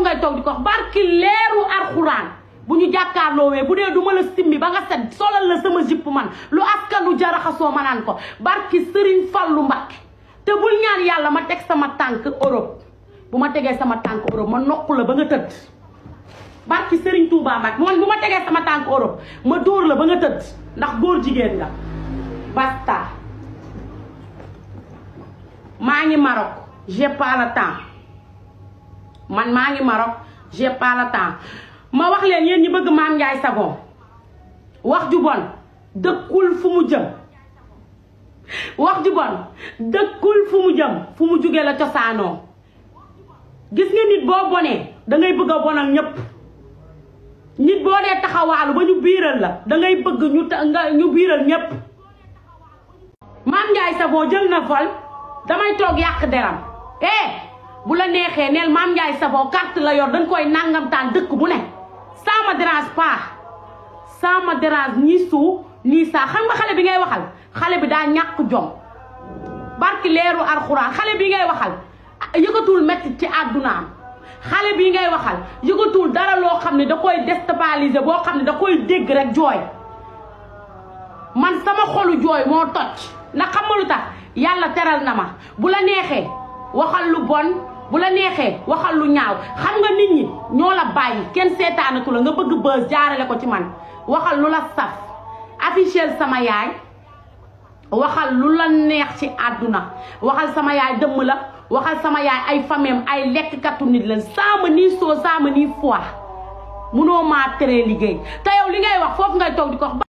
kooku ngay ko wax barki leeru arxuraan bu ñu jàkkaarloowee bu dee du ma la simmi ba nga set solal la sama jipp man lu askanu jaraxasoo ma naan ko barki Serigne Fallou Mbacké te bul ñaan yàlla ma teg sama tànk Europe bu ma tegee sama tànk Europe ma nokku la ba nga tëdd barki sëriñ Touba Mbacké man bu ma tegee sama tànk Europe ma dóor la ba nga tëdd ndax boor jigéen nga basta maa ngi Maroc j'ai pas man maa ngi Maroc j'ai pas ma wax leen yéen ñi bëgg Mame Ndiaye Savon wax ju bon dëkkul fu mu jëm wax ju bon dëkkul fu mu fu mu jugee la cosaanoo gis nga nit boo bonee dangay bëgg a bon ak ñépp nit boo dee taxawaalu ba ñu biiral la dangay bëgg ñu ta ñu biiral ñépp Mame Ndiaye Savon jël na vol damay toog yàq deram eh bu la neexee neel maam Ndiaye Savon carte la yor dañ koy nangamtaan dëkk bu ne ça me dérange pas ça me dérange nii xam nga xale bi ngay waxal xale bi daa ñàkk jom barki leeru alxuraan xale bi ngay waxal yëgatul métti ci àddunaam xale bi ngay waxal yëgatul dara loo xam ne da koy déstabiliser boo xam ne da koy dégg rek jooy man sama xolu jooy moo toj ndax xam nga lu tax yàlla teral na ma bu la neexee waxal lu bon bu la neexee waxal lu ñaaw xam nga nit ñi ñoo la bàyyi kenn seetaanatu la nga bëgg bës jaarale ko ci man waxal lu la saf afficheel sama yaay waxal lu la neex ci àdduna waxal sama yaay dëmm la waxal sama yaay ay fameem ay lekkkatu nit la saama nii soo saama nii foi munoo maa tere liggéey te yow li ngay wax foofu ngay toog di ko wax